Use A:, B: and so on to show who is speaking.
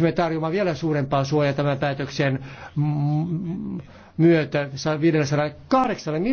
A: me tarjoamme vielä suurempaa suojaa tämän päätöksen myötä 508